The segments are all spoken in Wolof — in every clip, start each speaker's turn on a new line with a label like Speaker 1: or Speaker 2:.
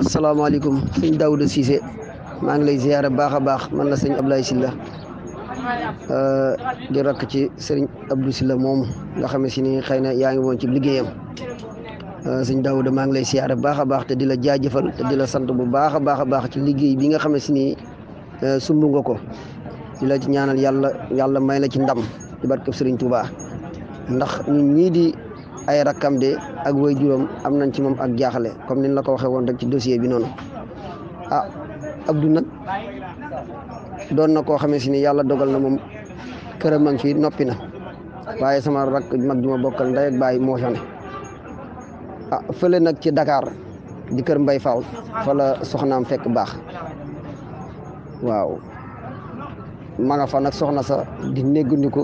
Speaker 1: asalaamaaleykum sëñ Daouda Cissé maa ngi lay ziyaare baax a baax man la sëñ Ablaye Sylla euh, di rakk ci sëriñ Abdou Sylla moom nga xam si ni xëy na yaa ngi woon ci liggéeyam euh, sëñ Daouda maa ngi lay ziyaare baax a baax te di la jaajëfal te di la sant bu baaxa a baax baax ci liggéey bi nga xam si ni euh, sumb nga ko di la ci ñaanal yàlla yàlla may la ci ndam di barkeb sëriñ Touba ndax ñun ñii ay rakkam de ak way juróom am nañ ci moom ak jaaxle comme niñ la ko waxee woon rek ci dossier bi noonu ah Abdou nag doon na koo xamee si ni yàlla dogal na moom këram a ngi fi noppi na waaye sama rakk mag ju bokkal ndey ak baay moo ah fële nag ci Dakar di kër Mbay Faal fa soxnaam fekk baax waaw ma fa nag soxna sa di néggandiku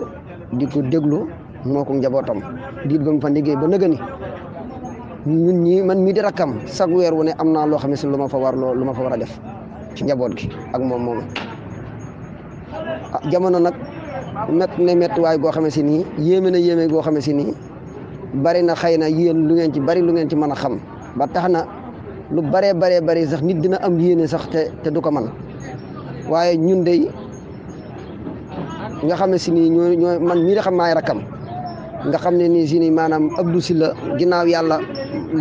Speaker 1: di ko déglu moo ko njabootam diit ba mu fa liggéey ba nëgëni ñun ñii man mii di rakkam chaque weer wu ne am naa loo xam ne si lu ma fa war loo lu ma fa war a def ci njaboot gi ak moom moom ah jamono nag mett ne mett waay goo xam ne si nii yéeme na yéeme goo xam ne bari na xëy na yéen lu ngeen ci bari lu ngeen ci mën a xam ba tax na lu baree baree bari sax nit dina am yéene sax te te du ko man waaye ñun dey nga xam ne si nii ñoo ñoo man mii di xam maay rakkam nga xam ne nii si ni maanaam Abdou Sylla ginnaaw yàlla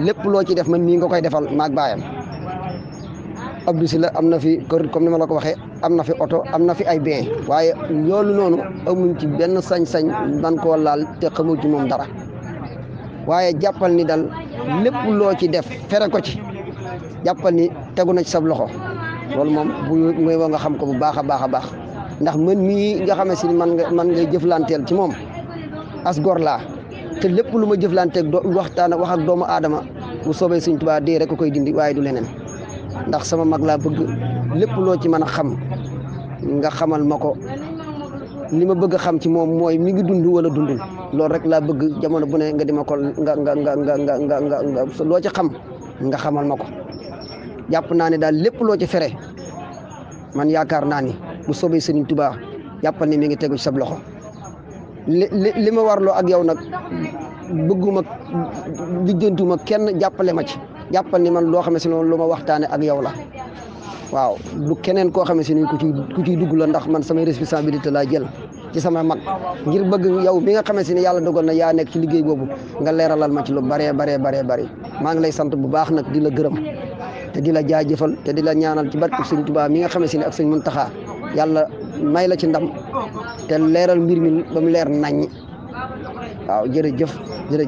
Speaker 1: lépp loo ci def man nii nga koy defal maag baayam Abdou Sylla am na fi kër comme ni ma la ko waxee am na fi oto am na fi ay bien waaye loolu noonu amuñ ci benn sañ-sañ man koo laal te xamul ci moom dara waaye jàppal ni dal lépp loo ci def fere ko ci jàppal ni tegu na ci sab loxo loolu moom bu mooy nga xam ko bu baax a baax a baax ndax man mii nga xamee si man nga man ngay jëflanteel ci moom as gor laa te lépp lu ma jëflanteeg do waxtaan wax ak doomu aadama bu soobee Sëñ tubaa dee rek ko koy dindi waaye du leneen ndax sama mag laa bëgg lépp loo ci mën a xam nga xamal ma ko li ma bëgg a xam ci moom mooy mi ngi dund wala dundul loolu rek laa bëgg jamono bu ne nga di ma ko nga nga nga nga loo ci xam nga xamal ma ko jàpp naa ne daal lépp loo ci fere man yaakaar naa ni bu soobee Sëriñ tubaa jàppal ni mi ngi tegu ci sab loxo li li li ma warloo ak yow nag bëgguma lijjantuma kenn jàppale ma ci jàppal ni man loo xam ne si noonu lu ma waxtaane ak yow la waaw du keneen koo xam ni ku ciy dugg la ndax man samay responsabilité laa jël ci sama mag ngir bëgg yow mi nga xam ne yàlla dogal na yaa nekk ci liggéey boobu nga leeralal ma ci lu baree baree baree bari maa ngi lay sant bu baax nag di la gërëm te di la jaajëfal te di la ñaanal ci barke Sëñ mi nga xam ne si ni ak Sëñ Muntaxa yàlla may la ci ndam te leeral mbir mi ba mu leer naññ waaw jërëjëf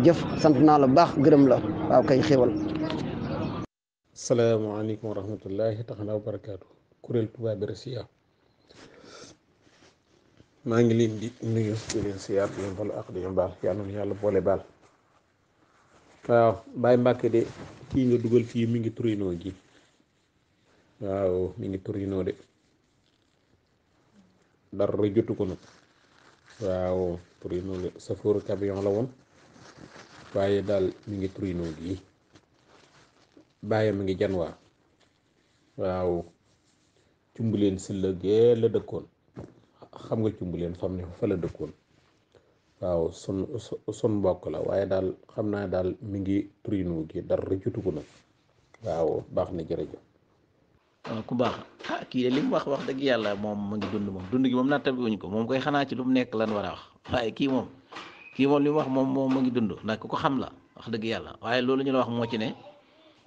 Speaker 1: jëf sant na la bax gërëm la waaw kay xéwal.
Speaker 2: salaamaaleykum wa rahmatullahi taala wa Kurel tuba bi Brescia ma ngi leen di nuyu ci leen siyaar di leen balu ak di leen ya yàlla na yàlla boole baal. waaw bay Mbacke de ki nga duggal fi mi ngi gi waaw mi ngi de. dara jotu ko nag waaw Torino la safooru camion la woon waaye daal mi ngi Torino gi bàyyi mi ngi janwaa waaw cumbuleen si la gee la dëkkoon xam nga cumbuleen fam ne fa la dëkkoon waaw sun sun mbokk la waaye daal xam naa daal mi ngi Torino gi dara jotu ko nag waaw baax na jërëjëf
Speaker 3: Ah, ku baax ah kii de li mu wax wax dëgg yàlla moom mu ngi dund moom dund gi moom natta bi wuñ ko moom koy xanaa ci lu nekk lan war a wax waaye kii moom kii moom li wax moom moom mu ngi dund ndax ko xam la wax dëgg yàlla waaye loolu ñu la wax moo ci ne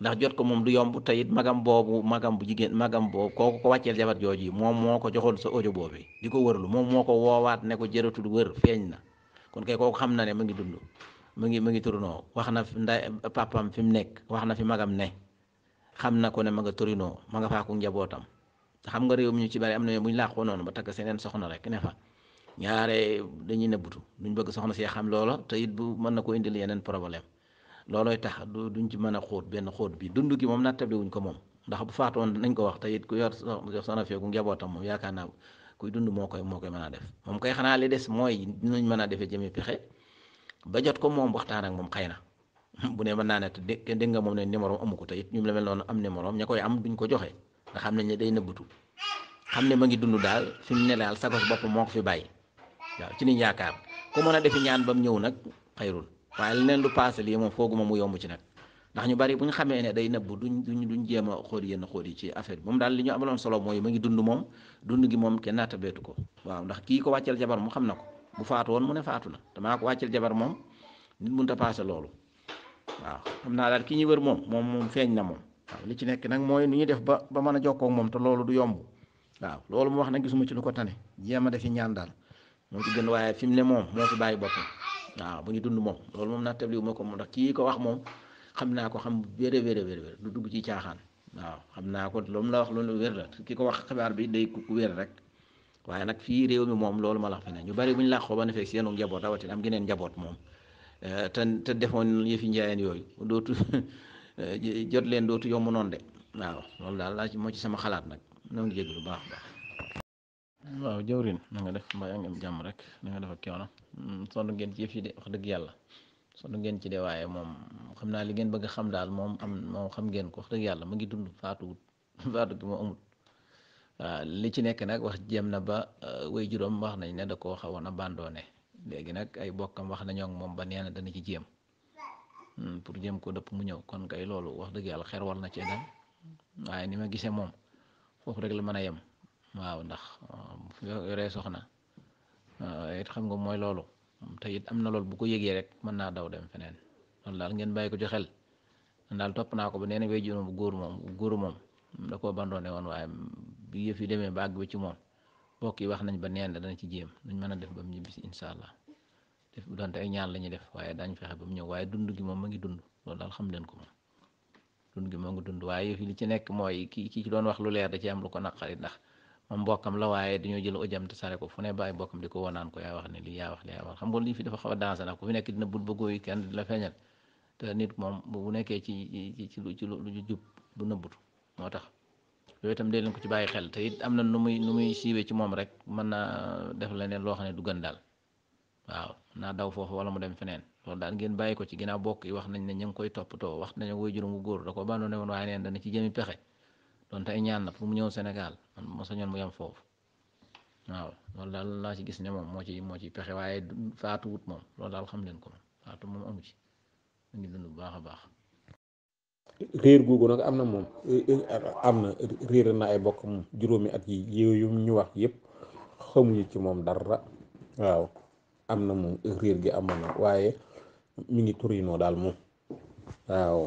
Speaker 3: ndax jot ko moom du yomb te it magam boobu magam bu jigéen magam boobu kooku ko wàcceel jabar jooju moom moo ko joxoon sa audio boobu di ko wërlu moom moo ko woowaat ne ko jëratul wër feeñ na kon kay kooku xam na ne ma ngi dund mu ngi mu ngi turunoo wax na nda papam fi mu nekk wax na fi magam ne xam na ko ne ma nga Torino ma nga faaku njabootam te xam nga réew mi ñu ci bari am na yow bu ñu làqoo noonu ba takk seneen soxna rek ne fa ñaare dañuy nëbbutu duñ bëgg soxna see xam loola te it bu mën na ko indil yeneen problème loolooy tax du duñ ci mën a xoot benn xóot bi dund ki moom nattable wuñ ko moom ndax bu faatoon nañ ko wax te it ku yor soxna ku njabootam moom yaakaar naa kuy dund moo koy moo koy mën a def moom kay xanaa li des mooy dinañ mën a defee jëmee pexe ba jot ko moom waxtaan ak moom xëy na bu ne ma naa ne te dégg nga moom ne numéro amu ko te it ñu la mel noonu am numéro ña koy am duñ ko joxe nga xam ne ne day nëbbatu xam ne ma ngi dund daal fi mu ne daal sagos moo ko fi bàyyi waaw ci liñ yaakaar ku mën a ñaan ba mu ñëw nag xayrul waaye leneen lu paase lii moom fooguma mu yomb ci nag ndax ñu bari bu ñu xamee ne day nëbbu duñ duñ duñ jéem a xool yenn xool yi ci affaire moom daal li ñu amaloon solo mooy ma ngi dund moom dund gi moom kenn naatabeetu ko waaw ndax kii ko wàcceel jabar mu xam na ko bu faatu woon mu ne faatu na damaa ko wàcceel jabar moom nit mun a paase loolu waaw xam naa daal ki ñuy wër moom moom moom feeñ na moom li ci nekk nag mooy nu ñuy def ba ba mën a jokkoo ak moom te loolu du yomb waaw loolu mu wax nag gisuma ci lu ko tane jéem a defi ñaan daal moo ci gën waaye fi mu ne moom moo fi bàyyi boppam waaw bu ñu dund moom loolu moom naattabli wu ma ko moom ndax kii ko wax moom xam naa ko xam wére wére du dugg ci caaxaan waaw xam naa ko loolu la wax loolu wér wax xibaar bi day ku rek waaye nag fii réew mi moom loolu ma la wax fi ne ñu bari bu ñu làqoo ba ne fekk seenu njaboot rawatina am geneen njaboot moom Eh, te te defoon yëfi njaayeen yooyu dootu eh, jot leen dootu yomb noonu de waaw loolu daal laa ci moo ci sama xalaat nag ñoo ngi lu baax baax waaw jawrin na nga def mbaa yaa am jàmm rek na nga def ak coono hmm, ngeen ci yëf yi de wax dëgg yàlla sonn ngeen ci de waaye moom xam naa li ngeen bëgg a xam daal moom am moom xam ngeen ko wax dëgg yàlla mu ngi dund faatuwut faatu gi moo amut li ci nekk nag wax jéem na ba eh, way juróom wax nañ ne da koo xawoon bandoone léegi nag ay bokkam wax nañoo ak moom ba nee na dana ci jéem hmm, pour jëm ko dapp mu ñëw kon kay loolu wax dëgg yàlla xer war na cee waaye ni ma gisee moom foofu rek la mën a yem waaw ndax yoree euh, soxna euh, it xam nga mooy loolu te it am na loolu bu ko yëgee rek mën naa daw dem feneen loolu daal ngeen bàyyi ko ci xel daal topp naa ko ba nee na wéy juróom bu góor moom góor moom da koo bandoone woon waaye bi yëf fi demee ba ci moom. mbokk yi wax nañ ba neen dana ci jéem nuñ mën a def ba mu ñibbisi incha allah def donte ay ñaan la ñuy def waaye daañ fexe ba mu ñëw waaye dund gi moom ma ngi dund loolu daal xam leen ko moom dund gi moo ngi dund waaye fi li ci nekk mooy ki ki ci doon wax lu leer da ci am lu ko naqari ndax moom mbokkam la waaye dañoo jël ojam te sare ko fu ne bàyyi mbokkam di ko wonaan ko wax ne lii wax lii yaa wax xam nga lii a dansé ndax ku fi nekk dina bul bëggoo yi kenn di la feeñal te nit moom bu nekkee ci ci lu ci lu jub du nëbbutu moo tax yooyu itam dee leen ko ci bàyyi xel te it am na nu muy nu muy siiwee ci moom rek mën naa def leneen loo xam ne du daal waaw naa daw foofu wala mu dem feneen loolu daal ngeen bàyyi ko ci ginnaaw bokk yi wax nañ ne ñu ngi koy toppatoo wax nañ woy juróom gu góor da ko bandoo ne woon waaye neen dana ci jëmi pexe donte ay ñaan la pour mu ñëw senegal man mo sañoon mu yem foofu waaw loolu daal laa ci gis ne moom moo ci moo ci pexe waaye faatu wut moom loolu daal xam leen ko moom moom amu ci mu ngi baax a baax
Speaker 2: réer googu nag am na moom am na réer na ay bokk moom juróomi at yi yooyu ñu wax yëpp xamuñu ci moom dara waaw am na moom réer gi amoon na waaye mi ngi Torino daal moom waaw